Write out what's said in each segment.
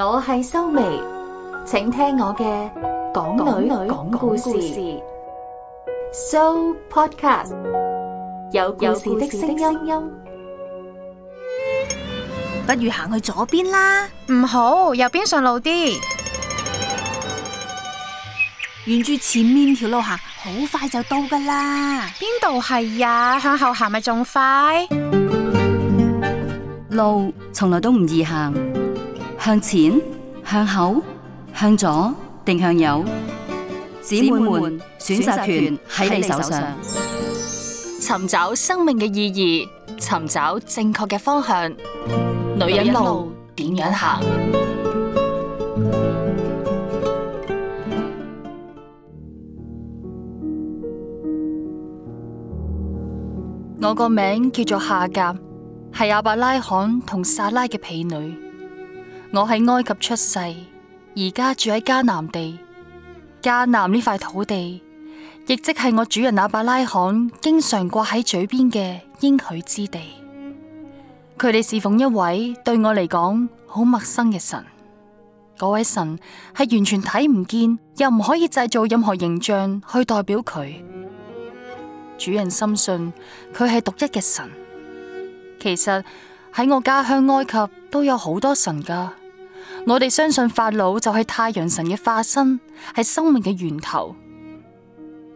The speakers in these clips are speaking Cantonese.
我係修眉，請聽我嘅港女女講故事，講故事，So Podcast 有故事的聲音，音，不如行去左邊啦。唔好，右邊順路啲，沿住前面條路行，好快就到㗎喇。邊度係呀？向後行咪仲快？路從來都唔易行。向前，向後，向左定向右，姊妹們選擇權喺你手上。尋找生命嘅意義，尋找正確嘅方向，女人路點樣行？我個名叫做夏甲，係亞伯拉罕同撒拉嘅婢女。我喺埃及出世，而家住喺迦南地。迦南呢塊土地，亦即係我主人亞伯拉罕經常掛喺嘴邊嘅應許之地。佢哋侍奉一位對我嚟講好陌生嘅神。嗰位神係完全睇唔見，又唔可以製造任何形象去代表佢。主人深信佢係獨一嘅神。其實喺我家鄉埃及都有好多神噶。我哋相信法老就係太陽神嘅化身，係生命嘅源頭。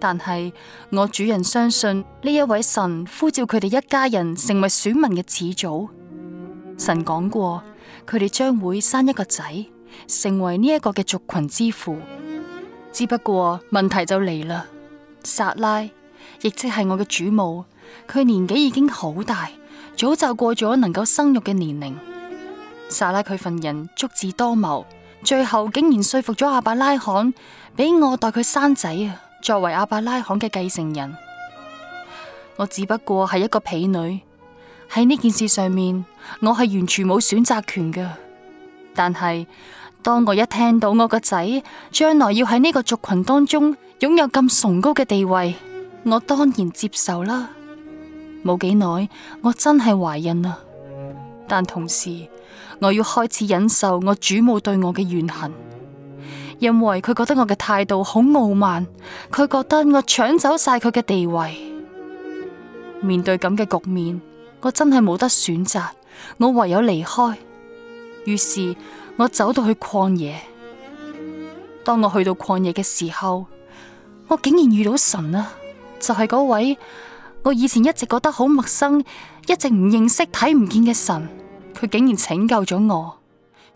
但係我主人相信呢一位神呼召佢哋一家人成為選民嘅始祖。神講過，佢哋將會生一個仔，成為呢一個嘅族群之父。只不過問題就嚟啦，撒拉，亦即係我嘅主母，佢年紀已經好大，早就過咗能夠生育嘅年齡。.莎拉佢份人足智多謀，最後竟然說服咗阿伯拉罕俾我代佢生仔啊！作為阿伯拉罕嘅繼承人，我只不過係一個婢女，喺呢件事上面，我係完全冇選擇權㗎。但係當我一聽到我個仔將來要喺呢個族群當中擁有咁崇高嘅地位，我當然接受啦。冇幾耐，我真係懷孕啦，但同時，我要開始忍受我主母對我嘅怨恨，因為佢覺得我嘅態度好傲慢，佢覺得我搶走晒佢嘅地位。面對咁嘅局面，我真係冇得選擇，我唯有離開。於是，我走到去曠野。當我去到曠野嘅時候，我竟然遇到神啊！就係嗰位我以前一直覺得好陌生、一直唔認識、睇唔見嘅神。佢竟然拯救咗我，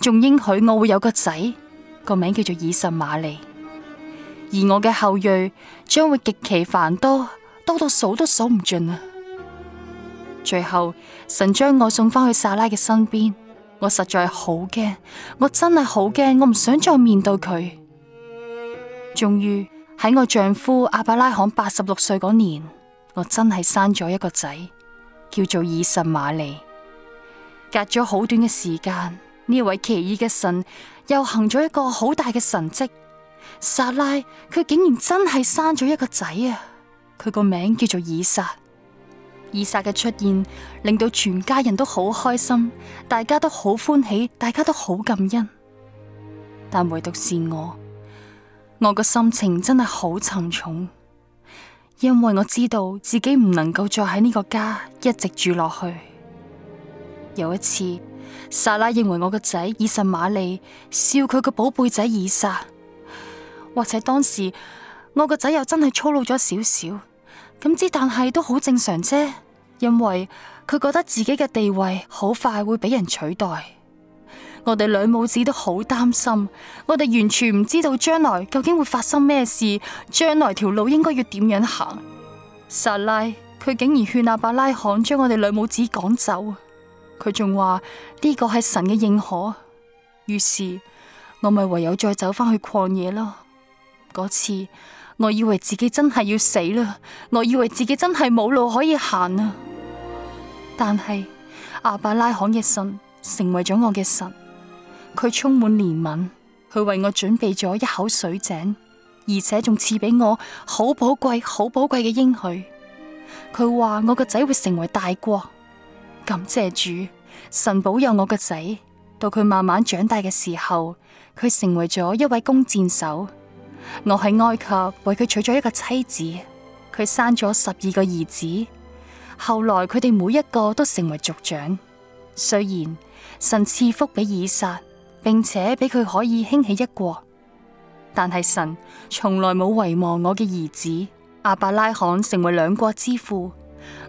仲應許我會有個仔，個名叫做以實瑪利，而我嘅後裔將會極其繁多，多到數都數唔盡啊！最後，神將我送翻去撒拉嘅身邊，我實在好驚，我真係好驚，我唔想再面對佢。終於喺我丈夫亞伯拉罕八十六歲嗰年，我真係生咗一個仔，叫做以實瑪利。隔咗好短嘅時間，呢位奇異嘅神又行咗一個好大嘅神蹟。撒拉，佢竟然真係生咗一個仔啊！佢個名叫做以撒。以撒嘅出現令到全家人都好開心，大家都好歡喜，大家都好感恩。但唯獨是我，我個心情真係好沉重，因為我知道自己唔能夠再喺呢個家一直住落去。有一次，薩拉認為我個仔以實瑪利笑佢個寶貝仔以撒，或者當時我個仔又真係粗魯咗少少，咁之但係都好正常啫，因為佢覺得自己嘅地位好快會俾人取代。我哋兩母子都好擔心，我哋完全唔知道將來究竟會發生咩事，將來條路應該要點樣行？薩拉佢竟然勸阿伯拉罕將我哋兩母子趕走。佢仲話呢個係神嘅認可，於是我咪唯有再走翻去曠野咯。嗰次我以為自己真係要死啦，我以為自己真係冇路可以行啦。但係亞伯拉罕嘅神成為咗我嘅神，佢充滿憐憫，佢為我準備咗一口水井，而且仲賜俾我好寶貴、好寶貴嘅應許。佢話我個仔會成為大國。感謝主，神保佑我個仔，到佢慢慢長大嘅時候，佢成為咗一位弓箭手。我喺埃及為佢娶咗一個妻子，佢生咗十二個兒子，後來佢哋每一個都成為族長。雖然神賜福俾以撒，並且俾佢可以興起一國，但係神從來冇遺忘我嘅兒子，亞伯拉罕成為兩國之父。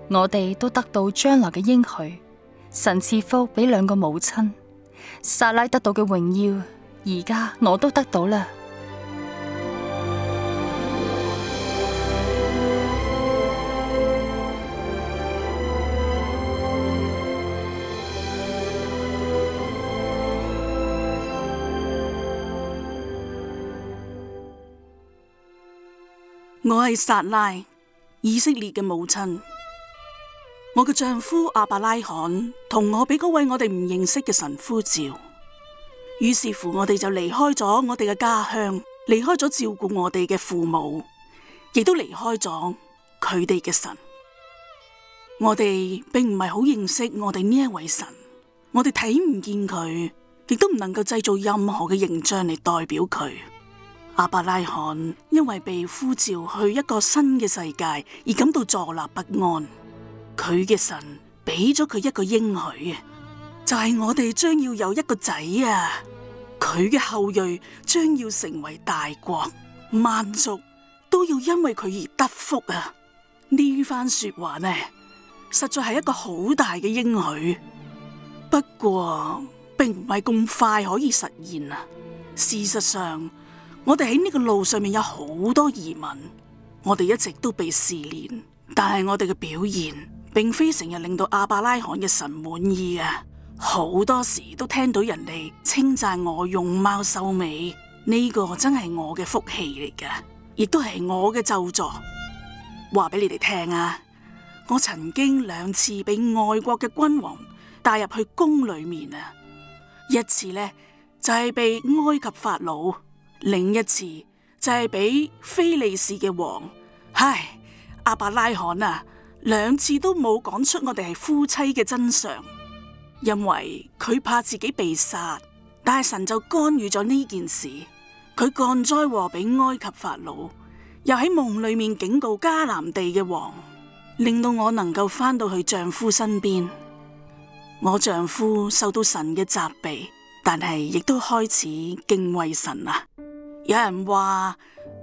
我哋都得到將來嘅應許，神賜福俾兩個母親。撒拉得到嘅榮耀，而家我都得到啦。我係撒拉，以色列嘅母親。我嘅丈夫阿伯拉罕同我俾嗰位我哋唔認識嘅神呼召，於是乎我哋就離開咗我哋嘅家鄉，離開咗照顧我哋嘅父母，亦都離開咗佢哋嘅神。我哋並唔係好認識我哋呢一位神，我哋睇唔見佢，亦都唔能夠製造任何嘅形象嚟代表佢。阿伯拉罕因為被呼召去一個新嘅世界，而感到坐立不安。佢嘅神俾咗佢一個應許啊，就係我哋將要有一個仔啊，佢嘅後裔將要成為大國，萬族都要因為佢而得福啊！呢番說話呢，實在係一個好大嘅應許，不過並唔係咁快可以實現啊。事實上，我哋喺呢個路上面有好多疑問，我哋一直都被試煉，但係我哋嘅表現。並非成日令到阿伯拉罕嘅神滿意啊！好多時都聽到人哋稱讚我容貌秀美，呢個真係我嘅福氣嚟噶，亦都係我嘅咒助。話俾你哋聽啊，我曾經兩次俾外國嘅君王帶入去宮裏面啊，一次呢就係被埃及法老，另一次就係俾非利士嘅王。唉，阿伯拉罕啊！兩次都冇講出我哋係夫妻嘅真相，因為佢怕自己被殺，但係神就干預咗呢件事。佢降災禍俾埃及法老，又喺夢裏面警告迦南地嘅王，令到我能夠返到去丈夫身邊。我丈夫受到神嘅責備，但係亦都開始敬畏神啊。有人話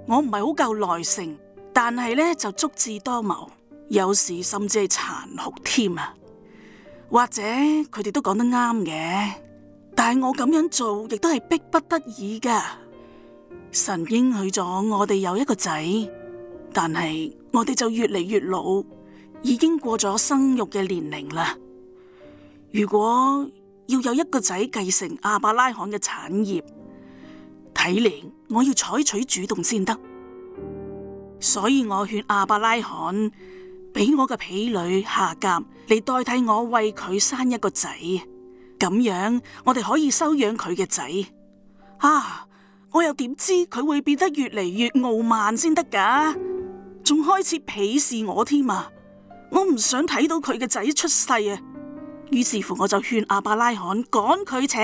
我唔係好夠耐性，但係呢就足智多謀。有時甚至係殘酷添啊！或者佢哋都講得啱嘅，但係我咁樣做亦都係逼不得已噶。神應許咗我哋有一個仔，但係我哋就越嚟越老，已經過咗生育嘅年齡啦。如果要有一個仔繼承亞伯拉罕嘅產業，睇嚟我要採取主動先得。所以我勸亞伯拉罕。俾我嘅婢女夏甲嚟代替我為佢生一個仔，咁樣我哋可以收養佢嘅仔啊！我又點知佢會變得越嚟越傲慢先得噶？仲開始鄙視我添啊！我唔想睇到佢嘅仔出世啊！於是乎，我就勸阿伯拉罕趕佢扯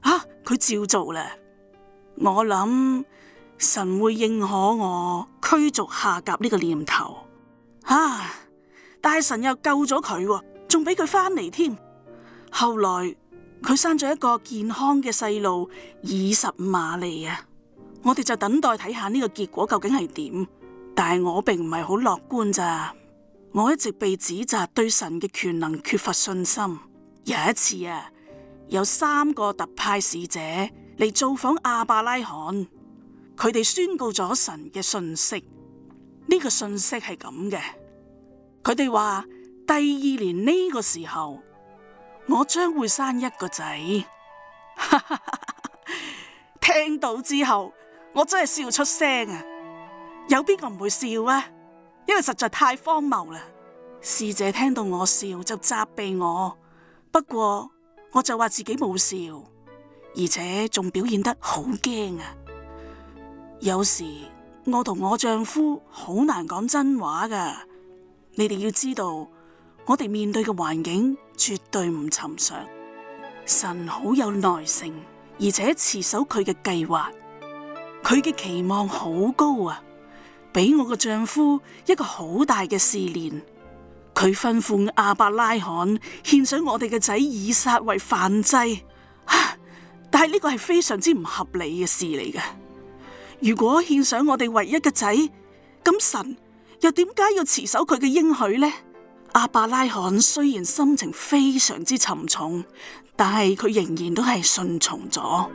啊！佢照做啦。我諗神會認可我驅逐夏甲呢個念頭。啊！大神又救咗佢，仲俾佢翻嚟添。後來佢生咗一個健康嘅細路，以實瑪利。啊！我哋就等待睇下呢個結果究竟係點。但係我並唔係好樂觀咋。我一直被指責對神嘅權能缺乏信心。有一次啊，有三個特派使者嚟造訪亞伯拉罕，佢哋宣告咗神嘅信息。呢個信息係咁嘅。佢哋話第二年呢個時候，我將會生一個仔。 聽到之後，我真係笑出聲啊！有邊個唔會笑啊？因為實在太荒謬啦！侍者聽到我笑就責備我，不過我就話自己冇笑，而且仲表現得好驚啊！有時我同我丈夫好難講真話㗎。你哋要知道，我哋面對嘅環境絕對唔尋常。神好有耐性，而且持守佢嘅計劃。佢嘅期望好高啊！俾我個丈夫一個好大嘅試煉。佢吩咐亞伯拉罕獻上我哋嘅仔以撒為燔祭，但係呢個係非常之唔合理嘅事嚟嘅。如果獻上我哋唯一嘅仔，咁神。又點解要持守佢嘅應許呢？阿伯拉罕雖然心情非常之沉重，但係佢仍然都係順從咗。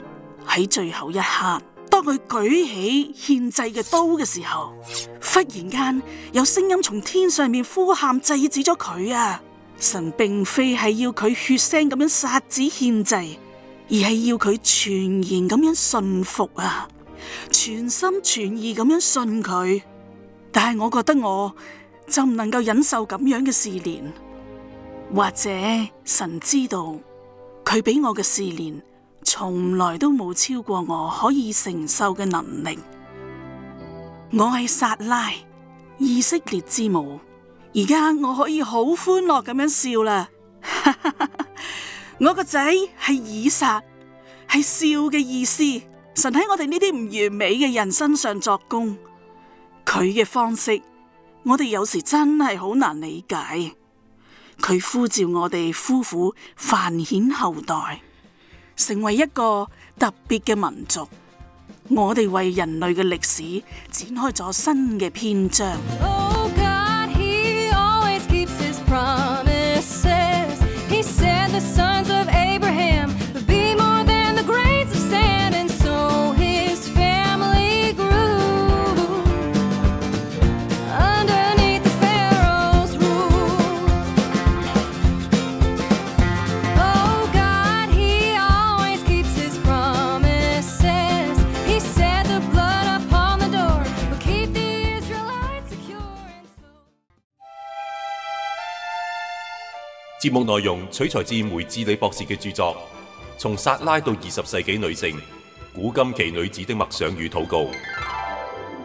喺最後一刻，當佢舉起獻祭嘅刀嘅時候，忽然間有聲音從天上面呼喊制止咗佢啊！神並非係要佢血腥咁樣殺子獻祭，而係要佢全然咁樣信服啊，全心全意咁樣信佢。但係我覺得我就唔能夠忍受咁樣嘅試煉，或者神知道，佢俾我嘅試煉從來都冇超過我可以承受嘅能力。我係撒拉，以色列之母，而家我可以好歡樂咁樣笑啦！ 我個仔係以撒，係笑嘅意思。神喺我哋呢啲唔完美嘅人身上作工。佢嘅方式，我哋有時真係好難理解。佢呼召我哋夫婦繁衍後代，成為一個特別嘅民族。我哋為人類嘅歷史展開咗新嘅篇章。節目內容取材自梅志禮博士嘅著作《從撒拉到二十世紀女性：古今奇女子的默想與禱告》名，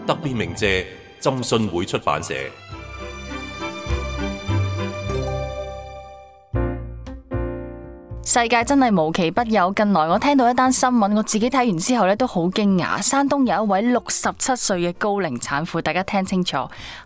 特別鳴謝真信會出版社。世界真係無奇不有，近來我聽到一單新聞，我自己睇完之後咧都好驚訝。山東有一位六十七歲嘅高齡產婦，大家聽清楚，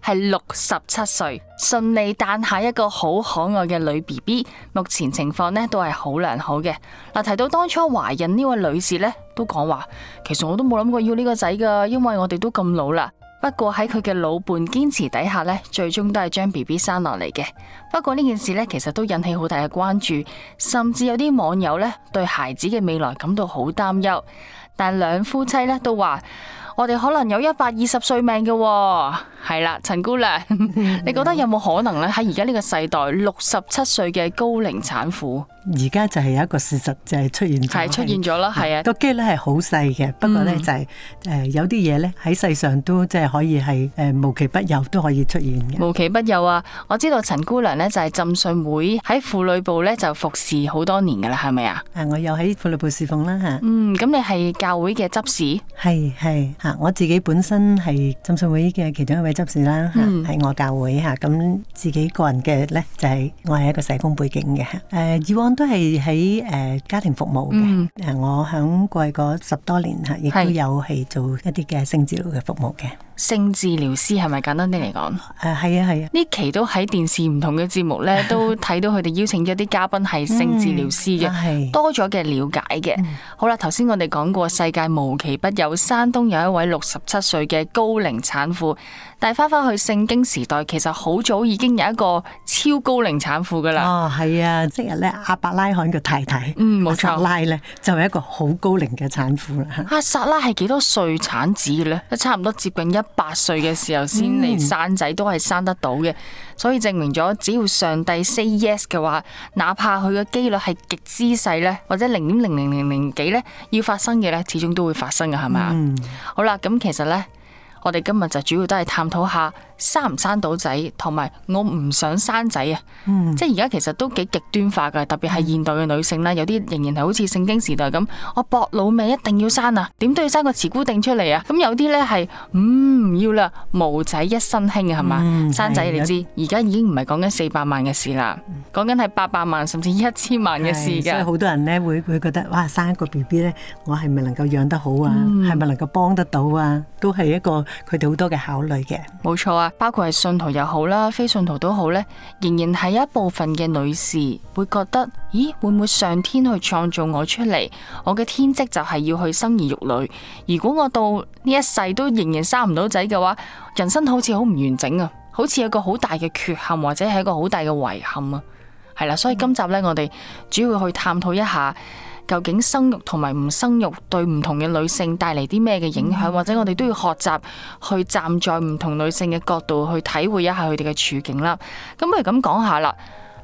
係六十七歲，順利誕下一個好可愛嘅女 BB，目前情況呢都係好良好嘅。嗱，提到當初懷孕呢位女士咧，都講話其實我都冇諗過要呢個仔噶，因為我哋都咁老啦。不過喺佢嘅老伴堅持底下咧，最終都係將 BB 生落嚟嘅。不過呢件事咧，其實都引起好大嘅關注，甚至有啲網友咧對孩子嘅未來感到好擔憂。但兩夫妻咧都話。我哋可能有一百二十歲命嘅。哦，係啦，陳姑娘， 你覺得有冇可能咧？喺而家呢個世代，六十七歲嘅高齡產婦，而家就係有一個事實就係、是、出現，係的的出現咗咯，係啊，個機率係好細嘅，不過咧就係、是、誒、嗯呃、有啲嘢咧喺世上都即係可以係誒無奇不有，都可以出現嘅，無奇不有啊！我知道陳姑娘咧就係浸信會喺婦女部咧就服侍好多年噶啦，係咪啊？誒，我又喺婦女部侍奉啦吓，嗯，咁你係教會嘅執事，係係。啊！我自己本身係浸信會嘅其中一位執事啦，嚇喺、嗯、我教會嚇。咁自己個人嘅咧就係我係一個社工背景嘅。誒、uh, 以往都係喺誒家庭服務嘅。誒、嗯、我響過去十多年嚇，亦都有係做一啲嘅性治療嘅服務嘅。性治療師係咪簡單啲嚟講？誒，係啊，係啊。呢、啊、期都喺電視唔同嘅節目呢， 都睇到佢哋邀請咗啲嘉賓係性治療師嘅，嗯、多咗嘅了解嘅。嗯、好啦，頭先我哋講過世界無奇不有，山東有一位六十七歲嘅高齡產婦。但係翻翻去聖經時代，其實好早已經有一個超高齡產婦噶啦。哦，係啊，即係咧，阿伯拉罕嘅太太，冇錯、嗯、拉咧就係一個好高齡嘅產婦啦。啊，撒拉係幾多歲產子嘅咧？差唔多接近一百歲嘅時候先嚟生仔，都係生得到嘅。嗯、所以證明咗，只要上帝 say yes 嘅話，哪怕佢嘅幾率係極之細咧，或者零點零零零零幾咧，要發生嘅咧，始終都會發生嘅，係咪啊？嗯、好啦，咁其實咧。我哋今日就主要都係探討下。生唔生到仔，同埋我唔想生仔啊！即係而家其實都幾極端化噶，特別係現代嘅女性啦，有啲仍然係好似聖經時代咁，我搏老命一定要生啊，點都要生個慈姑定出嚟啊！咁有啲咧，係，唔、唔要啦，無仔一身輕啊，係嘛？嗯、生仔你知，而家的已經唔係講緊四百萬嘅事啦，講緊係八百萬甚至一千萬嘅事嘅。所以好多人咧，會會覺得，哇，生一個 BB 咧，我係咪能夠養得好啊？係咪能夠幫得到啊？都係一個佢哋好多嘅考慮嘅。冇錯啊！包括係信徒又好啦，非信徒都好咧，仍然係一部分嘅女士會覺得，咦，會唔會上天去創造我出嚟？我嘅天職就係要去生兒育女。如果我到呢一世都仍然生唔到仔嘅話，人生好似好唔完整啊，好似有個好大嘅缺陷，或者係一個好大嘅遺憾啊。係啦，所以今集咧，我哋主要去探討一下。究竟生育同埋唔生育對唔同嘅女性帶嚟啲咩嘅影響？或者我哋都要學習去站在唔同女性嘅角度去體會一下佢哋嘅處境啦。咁不如咁講下啦。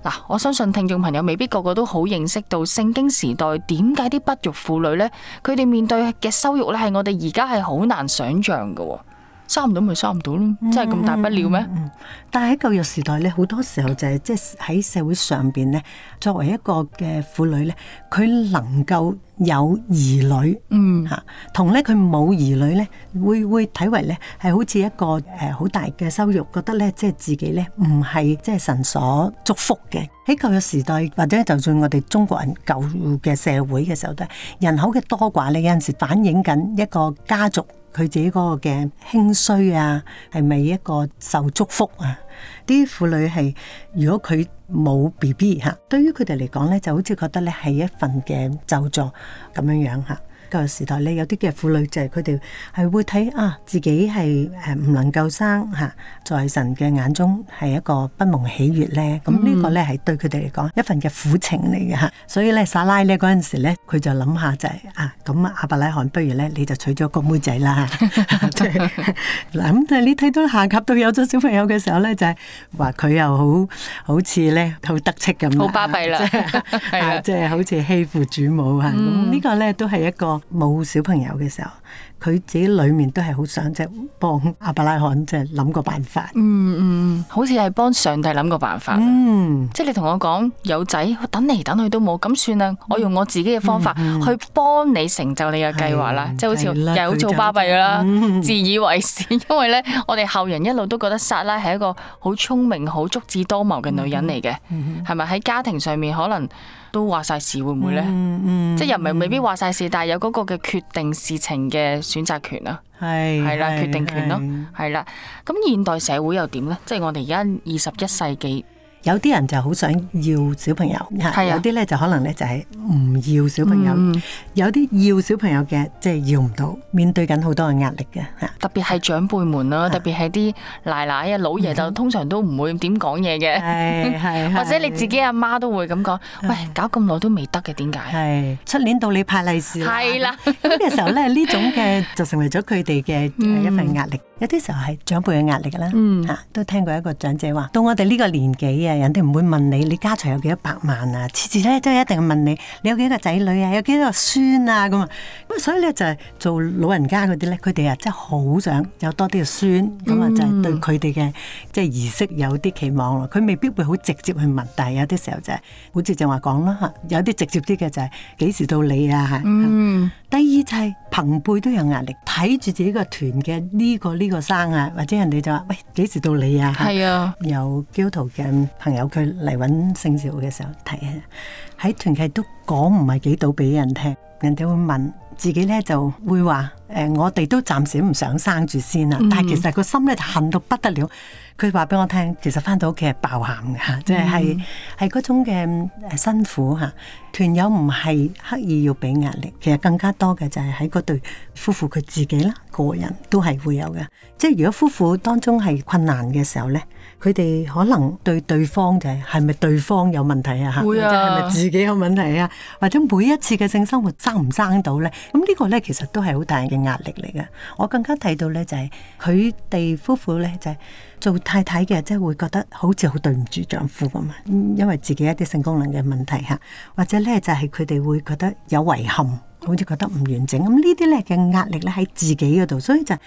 嗱，我相信聽眾朋友未必個個都好認識到聖經時代點解啲不育婦女呢？佢哋面對嘅羞辱呢，係我哋而家係好難想象嘅。生唔到咪生唔到咯，真係咁大不了咩？但係喺舊日時代咧，好多時候就係即喺社會上邊咧，作為一個嘅婦女咧，佢能夠有兒女，嗯嚇，同咧佢冇兒女咧，會會睇為咧係好似一個誒好大嘅羞辱，覺得咧即係自己咧唔係即係神所祝福嘅。喺舊日時代或者就算我哋中國人舊嘅社會嘅時候都係人口嘅多寡咧，有陣時反映緊一個家族。佢自己嗰個嘅興衰啊，係咪一個受祝福啊？啲婦女係，如果佢冇 B B 嚇，對於佢哋嚟講咧，就好似覺得咧係一份嘅咒詛咁樣樣嚇。個時代咧，有啲嘅婦女就係佢哋係會睇啊，自己係誒唔能夠生吓，在、啊、神嘅眼中係一個不蒙喜悅咧。咁呢個咧係對佢哋嚟講一份嘅苦情嚟嘅吓。所以咧，撒拉咧嗰陣時咧，佢就諗下就係、是、啊，咁、啊、亞伯拉罕不如咧，你就娶咗個妹仔啦。嗱咁 但係你睇到下及到有咗小朋友嘅時候咧，就係話佢又好好似咧好得戚咁，好巴閉啦，即係即係好似欺負主母啊。咁、啊 嗯這個、呢個咧都係一個。冇小朋友嘅時候。佢自己裏面都係好想即係幫亞伯拉罕即係諗個辦法，嗯嗯，好似係幫上帝諗個辦法，嗯，即係你同我講，有仔等嚟等去都冇，咁算啦，我用我自己嘅方法去幫你成就你嘅計劃啦，嗯嗯即係、嗯嗯、好似又做巴閉啦，嗯、自以為是，因為呢，我哋後人一路都覺得撒拉係一個好聰明、好足智多謀嘅女人嚟嘅，係咪喺家庭上面可能都話晒事，會唔會呢？嗯嗯嗯即係又唔係未必話晒事，但係有嗰個嘅決定事情嘅。嘅選擇權啦，係係啦，的決定權咯，係啦的。咁現代社會又點咧？即係我哋而家二十一世紀。有啲人就好想要小朋友，有啲咧就可能咧就係唔要小朋友。有啲要小朋友嘅，即係要唔到，面對緊好多嘅壓力嘅嚇。特別係長輩們咯，特別係啲奶奶啊、老爺，就通常都唔會點講嘢嘅，係係。或者你自己阿媽都會咁講，喂，搞咁耐都未得嘅，點解？係出年到你派利是。係啦，咁嘅時候咧，呢種嘅就成為咗佢哋嘅一份壓力。有啲時候係長輩嘅壓力啦，嚇都聽過一個長者話，到我哋呢個年紀啊～人哋唔會問你，你家財有幾多百萬啊？次次咧都一定問你，你有幾多個仔女啊？有幾多個孫啊？咁啊，咁啊，所以咧就係做老人家嗰啲咧，佢哋啊真係好想有多啲嘅孫，咁啊就係對佢哋嘅即係兒息有啲期望咯。佢未必會好直接去問，但係有啲時候就係、是、好似正話講啦吓，有啲直接啲嘅就係、是、幾時到你啊？嗯。第二就係朋輩都有壓力，睇住自己個團嘅呢個呢個生啊，或者人哋就話：喂，幾時到你啊？係啊，有基督徒嘅朋友佢嚟揾聖召嘅時候睇，喺團契都講唔係幾到俾人聽，人哋會問自己咧就會話。誒、呃，我哋都暫時唔想生住先啦、啊，但係其實個心咧就恨到不得了。佢話俾我聽，其實返到屋企係爆喊㗎，即係係係嗰種嘅辛苦嚇。團友唔係刻意要俾壓力，其實更加多嘅就係喺嗰對夫婦佢自己啦，個人都係會有嘅。即係如果夫婦當中係困難嘅時候咧，佢哋可能對對方就係係咪對方有問題啊？會啊，係咪自己有問題啊？或者每一次嘅性生活爭唔爭到咧？咁呢個咧其實都係好大嘅。壓力嚟嘅，我更加睇到咧就係佢哋夫婦咧就係、是、做太太嘅，即、就、係、是、會覺得好似好對唔住丈夫咁啊、嗯，因為自己一啲性功能嘅問題吓，或者咧就係佢哋會覺得有遺憾，好似覺得唔完整。咁、嗯、呢啲咧嘅壓力咧喺自己嗰度，所以就係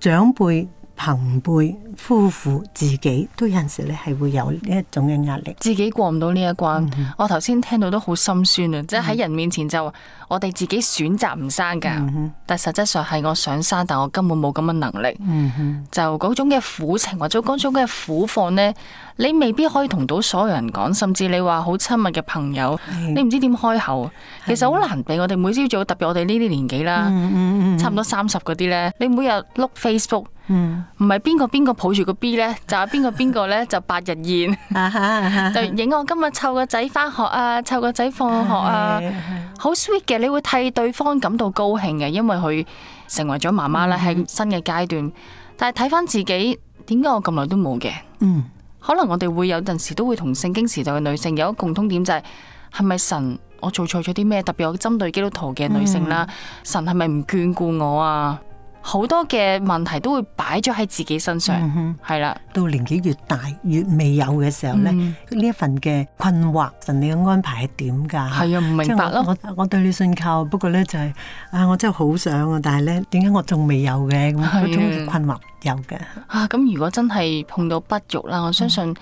長輩。朋輩、夫婦、自己都有陣時咧，係會有呢一種嘅壓力。自己過唔到呢一關，mm hmm. 我頭先聽到都好心酸啊！即係喺人面前就話，我哋自己選擇唔生噶，mm hmm. 但實質上係我想生，但我根本冇咁嘅能力。Mm hmm. 就嗰種嘅苦情或者嗰種嘅苦況呢。你未必可以同到所有人講，甚至你話好親密嘅朋友，你唔知點開口，其實好難。俾我哋每朝早，特別我哋呢啲年紀啦，mm hmm. 差唔多三十嗰啲呢，你每日碌 Facebook，唔係邊個邊個抱住個 B 呢，就係邊個邊個呢，就百日宴， 就影我今日湊個仔返學啊，湊個仔放學啊，好 sweet 嘅，你會替對方感到高興嘅，因為佢成為咗媽媽啦，喺、mm hmm. 新嘅階段。但係睇返自己，點解我咁耐都冇嘅？Mm hmm. 可能我哋會有陣時都會同聖經時代嘅女性有一共通點，就係係咪神我做錯咗啲咩？特別我針對基督徒嘅女性啦，啊，神係咪唔眷顧我啊？好多嘅問題都會擺咗喺自己身上，係啦、嗯哼。的到年紀越大越未有嘅時候咧，呢、嗯、一份嘅困惑神你嘅安排係點㗎？係啊，唔明白咯。我我對你信靠，不過咧就係、是、啊，我真係好想的啊，但係咧點解我仲未有嘅？咁嗰種困惑有嘅。啊，咁如果真係碰到不育啦，我相信、嗯。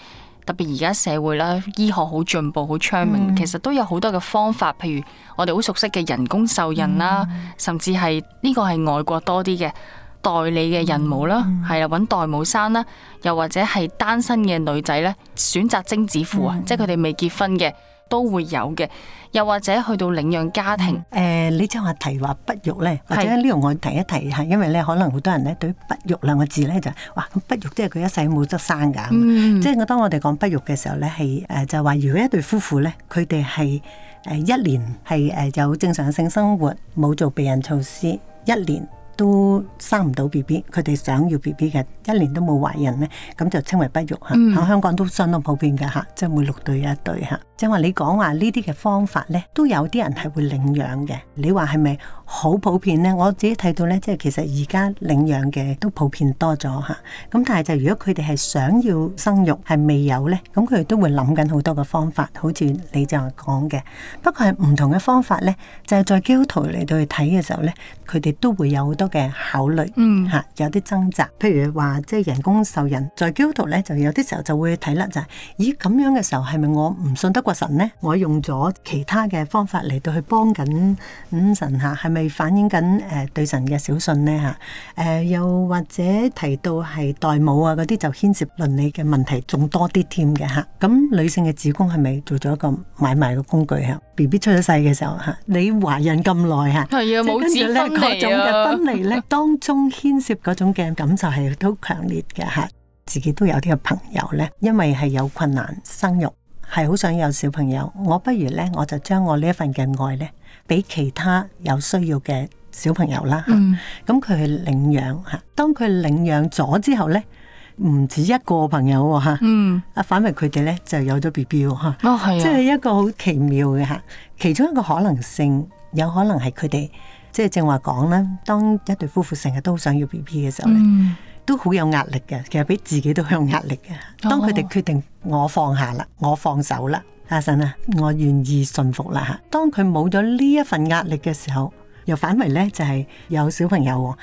特別而家社會啦，醫學好進步，好昌明，嗯、其實都有好多嘅方法，譬如我哋好熟悉嘅人工受孕啦，嗯、甚至係呢、呢個係外國多啲嘅代理嘅孕母啦，係啊、嗯，揾代母生啦，又或者係單身嘅女仔咧，選擇精子庫啊，嗯、即係佢哋未結婚嘅。都會有嘅，又或者去到領養家庭。誒、呃，你即係話提話不育咧，或者呢個我提一提一下，因為咧可能好多人咧對不育兩個字咧就哇，不育，即係佢一世冇得生噶。嗯、即係我當我哋講不育嘅時候咧，係誒就話如果一對夫婦咧，佢哋係誒一年係誒有正常性生活冇做避孕措施，一年都生唔到 B B，佢哋想要 B B 嘅，一年都冇懷孕咧，咁就稱為不育啊。喺、嗯、香港都相當普遍噶吓，即係每六對一對吓。即係話你講話呢啲嘅方法咧，都有啲人係會領養嘅。你話係咪好普遍咧？我自己睇到咧，即係其實而家領養嘅都普遍多咗吓。咁但係就如果佢哋係想要生育，係未有咧，咁佢哋都會諗緊好多嘅方法，好似你正話講嘅。不過係唔同嘅方法咧，就係、是、在基督徒嚟到去睇嘅時候咧，佢哋都會有好多嘅考慮，嗯吓，有啲掙扎。譬如話即係人工受孕，在基督徒咧就有啲時候就會去睇啦就係，咦咁樣嘅時候係咪我唔信得？個神咧，我用咗其他嘅方法嚟到去幫緊神吓，係咪反映緊誒對神嘅小信咧吓？誒又或者提到係代母啊嗰啲，就牽涉倫理嘅問題仲多啲添嘅吓。咁女性嘅子宮係咪做咗一個買賣嘅工具啊？B B 出咗世嘅時候吓，你懷孕咁耐吓，係啊冇子分離啊，嗰種嘅分離咧當中牽涉嗰種嘅感受係都強烈嘅吓。自己都有啲嘅朋友咧，因為係有困難生育。係好想有小朋友，我不如咧，我就將我呢一份嘅愛咧，俾其他有需要嘅小朋友啦。咁佢，嗯啊，去領養吓，當佢領養咗之後咧，唔止一個朋友吓，嗯，啊，嗯，反為佢哋咧就有咗 B B 吓，啊，哦係，啊，即係一個好奇妙嘅，吓，其中一個可能性，有可能係佢哋，即係正話講啦，當一對夫婦成日都好想要 B B 嘅時候咧。嗯都好有壓力嘅，其實俾自己都好有壓力嘅。當佢哋決定我放下啦，我放手啦，阿神啊，我願意順服啦。當佢冇咗呢一份壓力嘅時候，又反為咧就係有小朋友。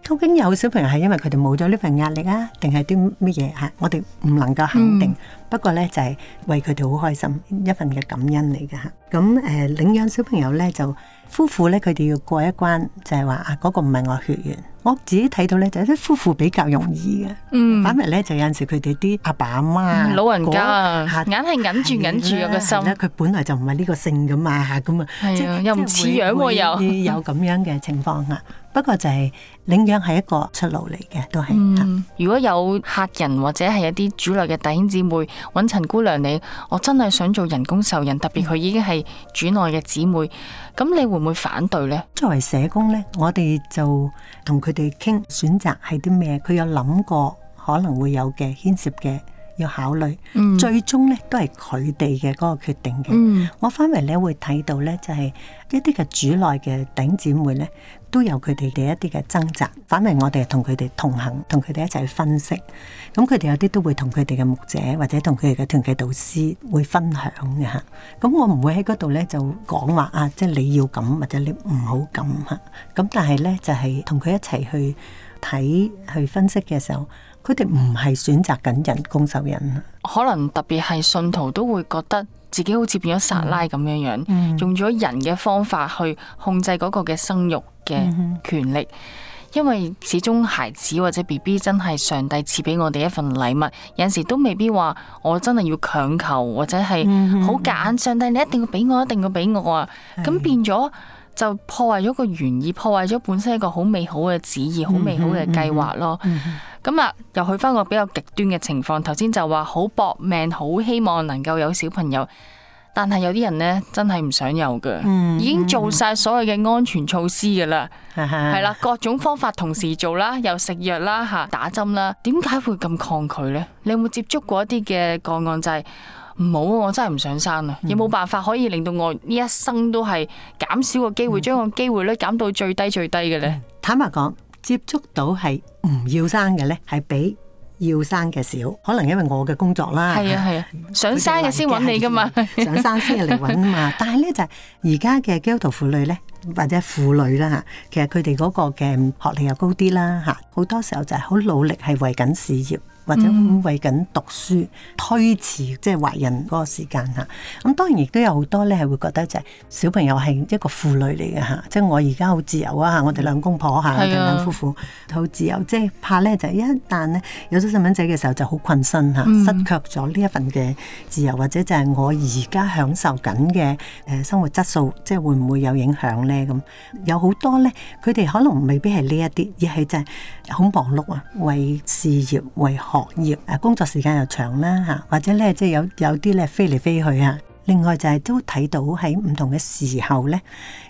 究竟有小朋友係因為佢哋冇咗呢份壓力啊，定係啲乜嘢吓？我哋唔能夠肯定。不過咧就係為佢哋好開心，一份嘅感恩嚟嘅吓。咁誒領養小朋友咧，就夫婦咧佢哋要過一關，就係話啊嗰個唔係我血緣。我自己睇到咧，就啲、是、夫婦比較容易嘅，嗯、反為咧就有陣時佢哋啲阿爸阿媽，媽老人家，硬係忍住忍住個心咧，佢本來就唔係呢個性噶嘛，咁的即啊，即又唔似樣喎又，有咁樣嘅情況啊。 不過就係領養係一個出路嚟嘅，都係。嗯啊、如果有客人或者係一啲主內嘅弟兄姊妹揾陳姑娘你，我真係想做人工受孕，特別佢已經係主內嘅姊妹，咁你會唔會反對咧？作為社工咧，我哋就同佢。哋傾選擇係啲咩？佢有諗過可能會有嘅牽涉嘅。要考慮，最終咧都係佢哋嘅嗰個決定嘅。嗯、我反嚟咧會睇到咧，就係、是、一啲嘅主內嘅頂姊妹咧，都有佢哋嘅一啲嘅掙扎。反為我哋同佢哋同行，同佢哋一齊去分析。咁佢哋有啲都會同佢哋嘅牧者或者同佢哋嘅團契導師會分享嘅㗎。咁我唔會喺嗰度咧就講話啊，即、就、係、是、你要咁或者你唔好咁嚇。咁、啊、但係咧就係同佢一齊去睇去分析嘅時候。佢哋唔係選擇緊人工受孕，可能特別係信徒都會覺得自己好似變咗撒拉咁樣樣，mm hmm. 用咗人嘅方法去控制嗰個嘅生育嘅權力，mm hmm. 因為始終孩子或者 B B 真係上帝賜俾我哋一份禮物，有陣時都未必話我真係要強求或者係好夾硬，上帝你一定要俾我，一定要俾我啊！咁、mm hmm. 變咗就破壞咗個原意，破壞咗本身一個好美好嘅旨意，好美好嘅計劃咯。Mm hmm. mm hmm. 咁啊，又去翻個比較極端嘅情況。頭先就話好搏命，好希望能夠有小朋友，但係有啲人呢，真係唔想有噶，已經做晒所有嘅安全措施噶啦，係啦， 各種方法同時做啦，又食藥啦，吓打針啦，點解會咁抗拒呢？你有冇接觸過一啲嘅個案，就係唔好，我真係唔想生啊！嗯、有冇辦法可以令到我呢一生都係減少個機會，將個機會率減到最低最低嘅呢？坦白講。接觸到係唔要生嘅咧，係比要生嘅少。可能因為我嘅工作啦，係啊係啊想， 想生嘅先揾你噶嘛，想生先嚟揾啊嘛。但係咧就係而家嘅基督徒婦女咧，或者婦女啦吓，其實佢哋嗰個嘅學歷又高啲啦吓，好多時候就係好努力係為緊事業。或者為緊讀書、嗯、推遲即係懷孕嗰個時間，咁當然亦都有好多咧係會覺得就係小朋友係一個負累嚟嘅嚇，即、就、係、是、我而家好自由啊嚇，我哋兩公婆嚇，我哋兩夫婦好自由，即係、啊就是、怕咧就係一旦咧有咗細蚊仔嘅時候就好困身嚇，嗯、失卻咗呢一份嘅自由，或者就係我而家享受緊嘅誒生活質素，即、就、係、是、會唔會有影響咧？咁有好多咧，佢哋可能未必係呢一啲，而係就係好忙碌啊，為事業為學業誒，工作時間又長啦吓，或者咧即係有有啲咧飛嚟飛去啊。另外就係都睇到喺唔同嘅時候咧，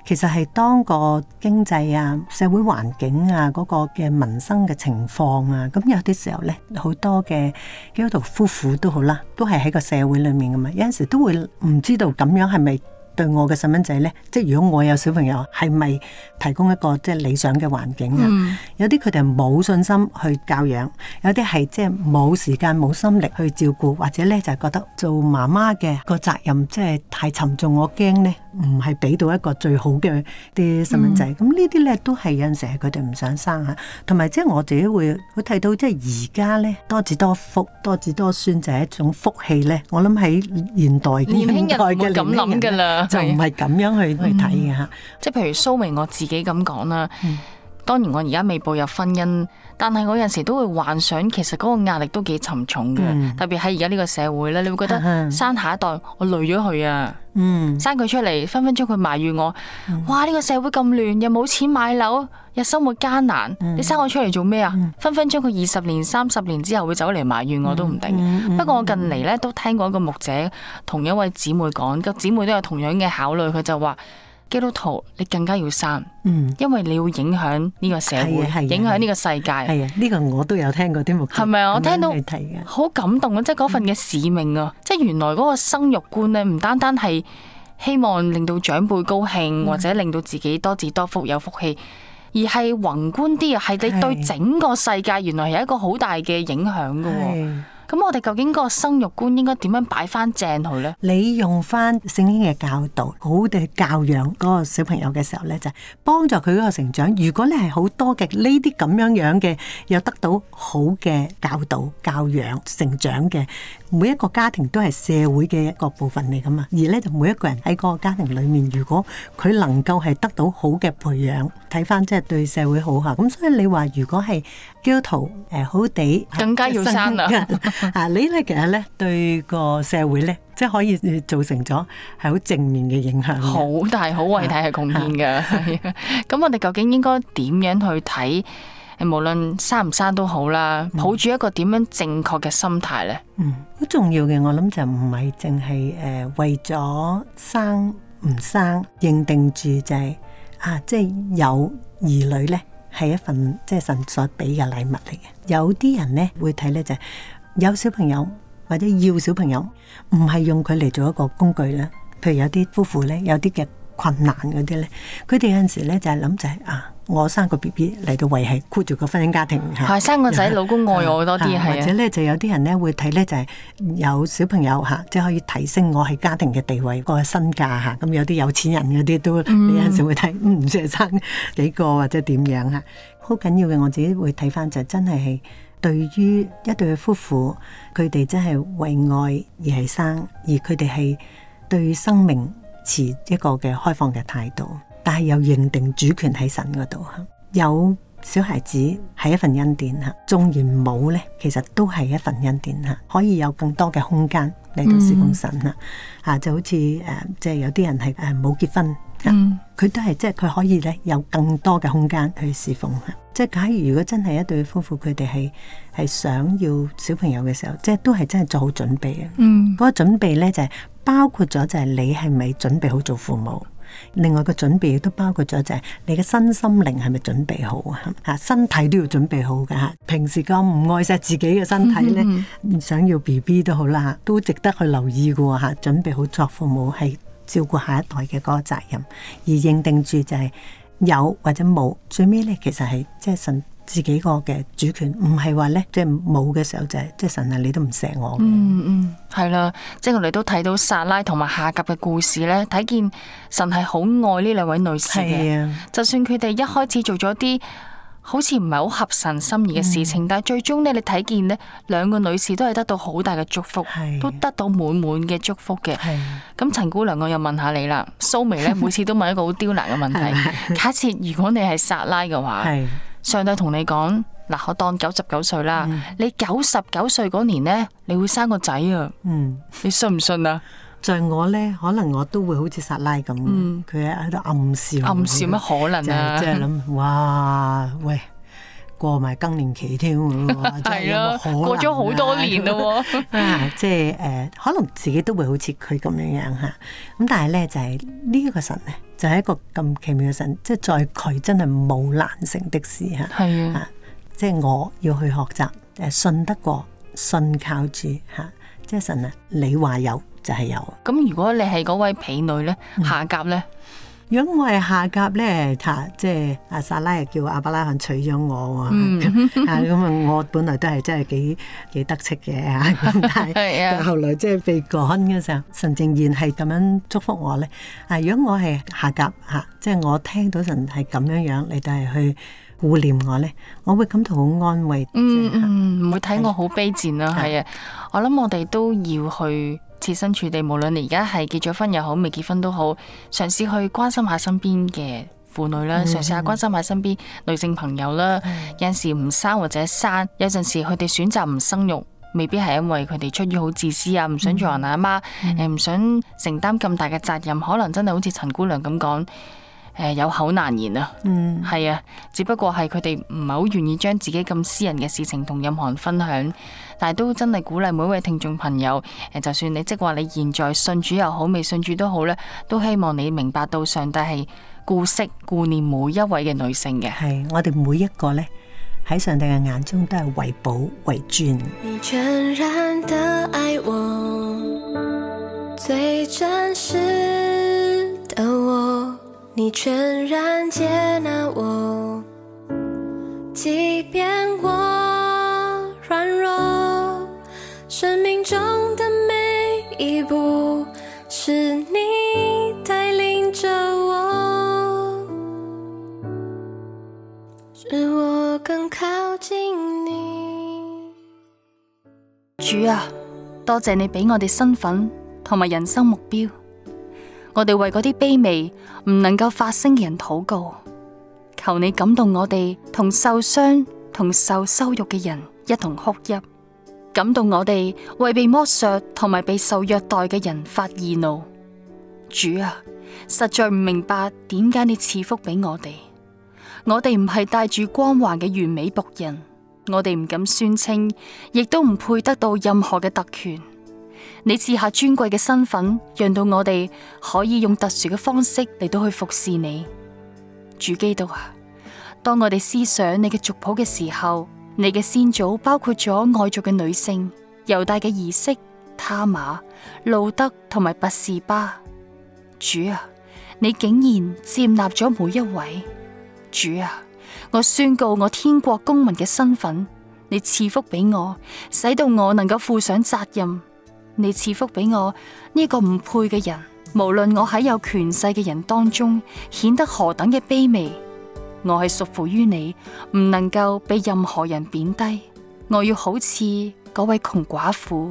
其實係當個經濟啊、社會環境啊嗰個嘅民生嘅情況啊，咁有啲時候咧，好多嘅基督徒夫婦都好啦，都係喺個社會裏面㗎嘛。有陣時都會唔知道咁樣係咪。對我嘅細蚊仔咧，即係如果我有小朋友，係咪提供一個即係理想嘅環境啊？Mm. 有啲佢哋係冇信心去教養，有啲係即係冇時間、冇心力去照顧，或者咧就係覺得做媽媽嘅個責任即係太沉重，我驚咧。唔係俾到一個最好嘅啲細蚊仔，咁、嗯、呢啲咧都係有陣時係佢哋唔想生吓。同埋即係我自己會，我睇到即係而家咧多子多福、多子多孫就係一種福氣咧。我諗喺現代年輕人會咁諗㗎啦，就唔係咁樣去去睇嘅嚇。即係譬如蘇明我自己咁講啦。嗯當然，我而家未步入婚姻，但係我有陣時都會幻想，其實嗰個壓力都幾沉重嘅，嗯、特別喺而家呢個社會咧，你會覺得生下一代，我累咗佢啊，嗯、生佢出嚟，分分鐘佢埋怨我，嗯、哇！呢、呢個社會咁亂，又冇錢買樓，又生活艱難，嗯、你生我出嚟做咩啊？分分鐘佢二十年、三十年之後會走嚟埋怨我都唔定。嗯嗯嗯、不過我近嚟咧都聽過一個牧者同一位姊妹講，個姊妹都有同樣嘅考慮，佢就話。基督徒，你更加要生，嗯，因為你會影響呢個社會，啊啊、影響呢個世界。係啊，呢、這個我都有聽過啲牧師，係咪啊？我聽到好感動啊！嗯、即係嗰份嘅使命啊！即係原來嗰個生育觀咧，唔單單係希望令到長輩高興，嗯、或者令到自己多子多福有福氣，而係宏觀啲啊，係你對整個世界原來有一個好大嘅影響噶。咁我哋究竟嗰個生育觀應該點樣擺翻正好咧？你用翻聖經嘅教導，好哋教養嗰個小朋友嘅時候咧，就係幫助佢嗰個成長。如果你係好多嘅呢啲咁樣樣嘅，又得到好嘅教導、教養、成長嘅。每一個家庭都係社會嘅一個部分嚟噶嘛，而咧就每一個人喺嗰個家庭裏面，如果佢能夠係得到好嘅培養，睇翻即係對社會好下。咁所以你話如果係基 u t 好地，更加要生啦。啊， 你咧其實咧對個社會咧，即係可以造成咗係好正面嘅影響，好 大好偉大嘅貢獻噶。咁 我哋究竟應該點樣去睇？無論生唔生都好啦，抱住一個點樣正確嘅心態咧，嗯，好重要嘅。我諗就唔係淨係誒為咗生唔生認定住就係啊，即係有兒女咧係一份即係神所俾嘅禮物嚟嘅。有啲人咧會睇咧就係有小朋友或者要小朋友，唔係用佢嚟做一個工具咧。譬如有啲夫婦咧，有啲嘅困難嗰啲咧，佢哋有陣時咧就係諗就係啊。我生個 B B 嚟到維繫箍住個婚姻家庭，係是是生個仔，是老公愛我多啲，係。或者咧，就有啲人咧會睇咧，就係有小朋友吓，即係可以提升我喺家庭嘅地位，個身價吓。咁有啲有錢人嗰啲都，嗯、你有陣時會睇唔捨得生幾個或者點樣吓。好緊要嘅，我自己會睇返就真係係對於一對夫婦，佢哋真係為愛而係生，而佢哋係對生命持一個嘅開放嘅態度。但係又認定主權喺神嗰度吓，有小孩子係一份恩典吓，縱然冇咧，其實都係一份恩典吓，可以有更多嘅空間嚟到侍奉神啦吓、嗯啊，就好似誒，即、呃、係、就是、有啲人係誒冇結婚，佢、啊嗯、都係即係佢可以咧有更多嘅空間去侍奉吓。即係假如如果真係一對夫婦，佢哋係係想要小朋友嘅時候，即、就、係、是、都係真係做好準備嘅。嗯，嗰個準備咧就係、是、包括咗就係你係咪準備好做父母？另外個準備亦都包括咗就係你嘅身心靈係咪準備好啊？吓身體都要準備好嘅吓，平時咁唔愛錫自己嘅身體咧，mm hmm. 唔想要 B B 都好啦，都值得去留意嘅吓，準備好作父母係照顧下一代嘅嗰個責任，而認定住就係有或者冇，最尾咧其實係即係自己個嘅主權，唔係話呢，即係冇嘅時候就係，嗯嗯，即係神啊，你都唔錫我。嗯嗯，係啦，即係我哋都睇到撒拉同埋夏甲嘅故事呢，睇見神係好愛呢兩位女士嘅。係啊，就算佢哋一開始做咗啲好似唔係好合神心意嘅事情，嗯、但係最終呢，你睇見呢兩個女士都係得到好大嘅祝福，的都得到滿滿嘅祝福嘅。係的。咁，陳姑娘，我又問下你啦，蘇眉呢，每次都問一個好刁難嘅問題。的假設如果你係撒拉嘅話。上帝同你講嗱，我當九十九歲啦。嗯、你九十九歲嗰年咧，你會生個仔啊？嗯，你信唔信啊？就係我咧，可能我都會好似撒拉咁，佢喺度暗笑。暗笑乜可能啊？即係諗，哇，喂。過埋更年期添嘅喎，係、就、咯、是， 過咗好多年咯喎、 啊，即係誒、呃，可能自己都會好似佢咁樣樣吓，咁、啊、但係咧就係、是、呢、就是、一個神咧，就係一個咁奇妙嘅神，即係在佢真係冇難成的事吓，係啊，的啊，即係我要去學習誒，信得過，信靠主。吓、啊，即係神啊，你話有就係有。咁如果你係嗰位婢女咧，下夾咧？如果我係夏甲咧，嚇，即係阿撒拉係叫亞伯拉罕娶咗我喎，咁啊，我本嚟都係真係幾幾得戚嘅嚇，但係但後來即係被趕嗰陣，神竟然係咁樣祝福我咧。啊，如果我係夏甲嚇，即係我聽到神係咁樣樣你到係去顧念我咧，我會感到好安慰，唔會睇我好卑賤咯，係啊，我諗我哋都要去。設身處地，無論你而家係結咗婚又好，未結婚都好，嘗試去關心下身邊嘅婦女啦，mm hmm. 嘗試下關心下身邊女性朋友啦。Mm hmm. 有陣時唔生或者生，有陣時佢哋選擇唔生育，未必係因為佢哋出於好自私啊，唔想做人阿媽，誒唔、mm hmm. 呃、想承擔咁大嘅責任，可能真係好似陳姑娘咁講。誒，有口難言啊，係、嗯、啊，只不過係佢哋唔係好願意將自己咁私人嘅事情同任何人分享，但係都真係鼓勵每一位聽眾朋友，誒，就算你即係話你現在信主又好，未信主都好咧，都希望你明白到上帝係顧惜、顧念每一位嘅女性嘅。係我哋每一個呢，喺上帝嘅眼中都係為寶為尊。你你你。全然接納我，我我，我即便我軟弱。生命中的每一步，是你帶領着我，使我更靠近你。主啊，多謝你俾我哋身份同埋人生目標。我哋為嗰啲卑微唔能夠發聲嘅人禱告，求你感動我哋同受傷、同受羞辱嘅人一同哭泣，感動我哋為被剝削同埋被受虐待嘅人發義怒。主啊，實在唔明白點解你賜福俾我哋，我哋唔係戴住光環嘅完美僕人，我哋唔敢宣稱，亦都唔配得到任何嘅特權。你賜下尊貴嘅身份，讓到我哋可以用特殊嘅方式嚟到去服侍你，主基督啊。當我哋思想你嘅族譜嘅時候，你嘅先祖包括咗外族嘅女性、猶大嘅兒媳、他馬、路德同埋拔士巴。主啊，你竟然佔領咗每一位。主啊，我宣告我天國公民嘅身份，你賜福俾我，使到我能夠負上責任。你賜福俾我呢個唔配嘅人，無論我喺有權勢嘅人當中顯得何等嘅卑微，我係屬乎於你，唔能夠俾任何人貶低。我要好似嗰位窮寡婦，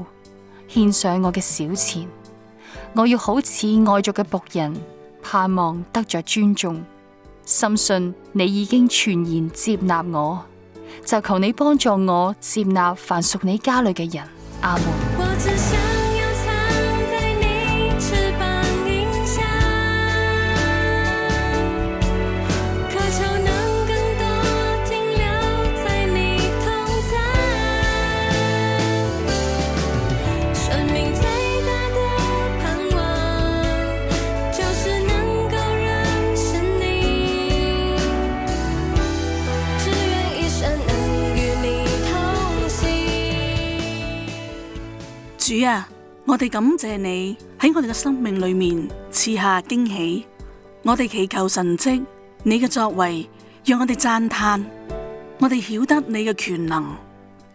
獻上我嘅小錢；我要好似愛着嘅僕人，盼望得着尊重。深信你已經全然接納我，就求你幫助我接納凡屬你家裏嘅人。阿門。主啊，我哋感謝你喺我哋嘅生命裏面賜下驚喜。我哋祈求神蹟，你嘅作為讓我哋讚嘆，我哋曉得你嘅權能，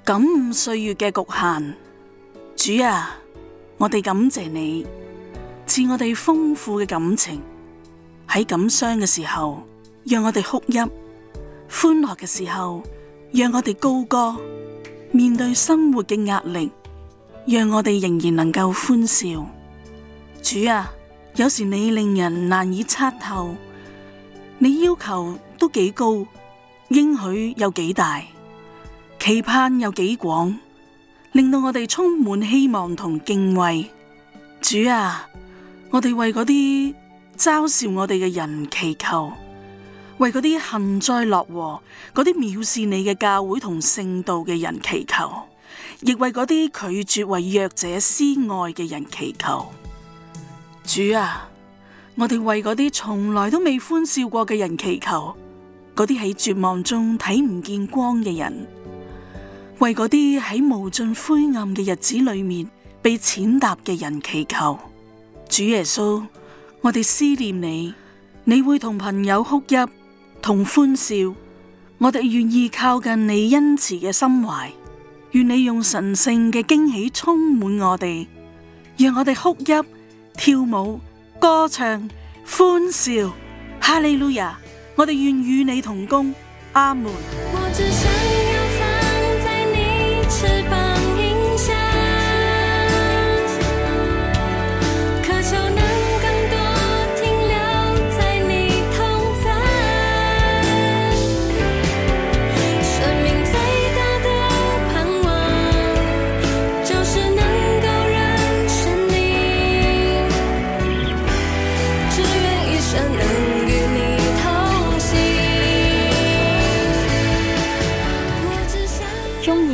感悟歲月嘅局限。主啊，我哋感謝你賜我哋豐富嘅感情。喺感傷嘅時候，讓我哋哭泣；歡樂嘅時候，讓我哋高歌。面對生活嘅壓力。讓我哋仍然能夠歡笑，主啊，有時你令人難以測透，你要求都幾高，應許有幾大，期盼有幾廣，令到我哋充滿希望同敬畏。主啊，我哋為嗰啲嘲笑我哋嘅人祈求，為嗰啲幸災樂禍、嗰啲藐視你嘅教會同聖道嘅人祈求。亦為嗰啲拒絕為弱者施愛嘅人祈求，主啊，我哋為嗰啲從來都未歡笑過嘅人祈求，嗰啲喺絕望中睇唔見光嘅人，為嗰啲喺無盡灰暗嘅日子裏面被踐踏嘅人祈求，主耶穌，我哋思念你，你會同朋友哭泣同歡笑，我哋願意靠近你恩慈嘅心懷。願你用神聖嘅驚喜充滿我哋，讓我哋哭泣、跳舞、歌唱、歡笑。哈利路亞！我哋願與你同工。阿門。